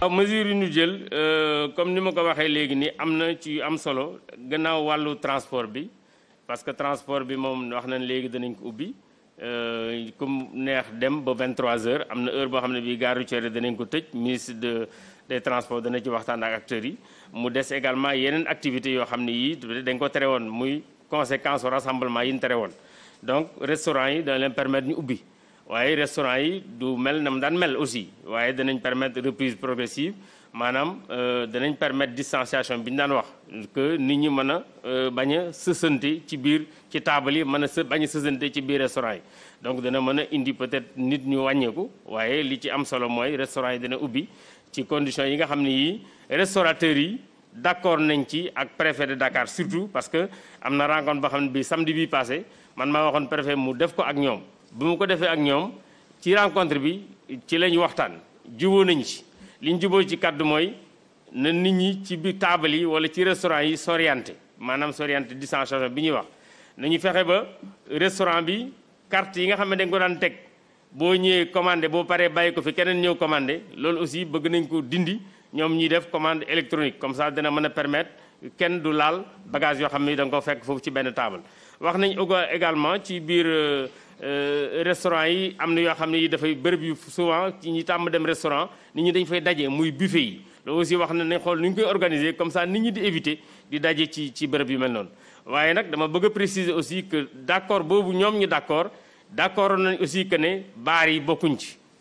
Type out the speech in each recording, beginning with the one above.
waaw ah, mesures yi ñu jël euh, comme ni ma ko waxee léegi ni am na ci am solo gannaaw wàllu transport bi parce que transport bi moom wax nañ léegi danañ ko ubbi comme euh, neex dem ba 23h am na heure boo xam ne bii gare routière danañ ko tëj ministre de des transports dana ci waxtaan ak acteurs yi mu des également yeneen activités yoo xam ne yii dañ ko tere woon muy conséquence au rassemblement yi ñu tere woon donc restaurant yi dana leen permettre ñu ubbi waaye restaurant yi du mel na aussi waaye danañ reprise progressive maanaam euh, danañ permettre distanciation bi ñu que nit ñi a euh, ci biir ci yi restaurant donc dana a indi peut-être nit ñu li ci am solo mooy restaurant yi dana condition d'accord de Dakar surtout parce que am samedi passé man préfet mu ko ak bi mu ko defee ak ñoom ci rencontre bi ci lañ waxtaan juboo nañ ci liñ juboo ci kàddu mooy na nit ñi ci bi taabal yi wala ci restaurant yi s'orienté maanaam s'orienté distanciation bi ñuy wax nañu fexe ba restaurant bi carte yi nga xam ne dañ ko daan teg boo ñëwee commande boo paree bàyyi ko fi keneen ñëw commandé loolu aussi bëgg nañ ko dindi ñoom ñuy def commande électronique comme ça dina mën a permettre kenn du lal bagage yo xamni ni da nga ko fekk fofu ci benn table wax nañ également ci biir euh, restaurant yi am na yoo xam ne dafay bërëb yu souvent ci ñi tàmm dem restaurant nit ñi dañ fay daje muy buffet yi loolu aussi wax na nañ xool nu ñu koy organiser comme ça nit ñi di éviter di daje ci ci bërëb yu mel noonu waaye nag dama bëgg a préciser aussi que d'accord boobu ñoom ñu d'accord d'accord nañ aussi que ne baar yi bokkuñ ci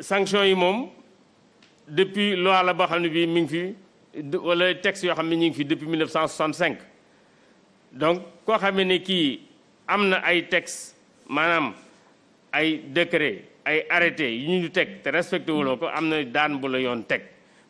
sanction yi moom depuis loi la boo xam ne bii mi ngi fi wala texte yoo xam ne ñu ngi fi depuis 1965 donc koo xamee ne kii am na ay texte maanaam ay décret ay arrêté yi ñu teg te respecté wuloo ko am na daan bu la yoon teg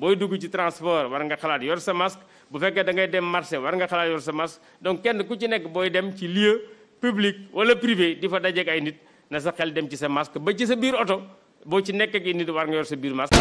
booy dugg ci transport war nga xalaat yor sa masque bu fekkee da ngay dem marché war nga xalaat yor sa masque donc kenn ku ci nekk booy dem ci lieu public wala privé di fa dajeeg ay nit na sa xel dem ci sa masque ba ci sa biir oto boo ci nekk ak nit war nga yor sa biir masque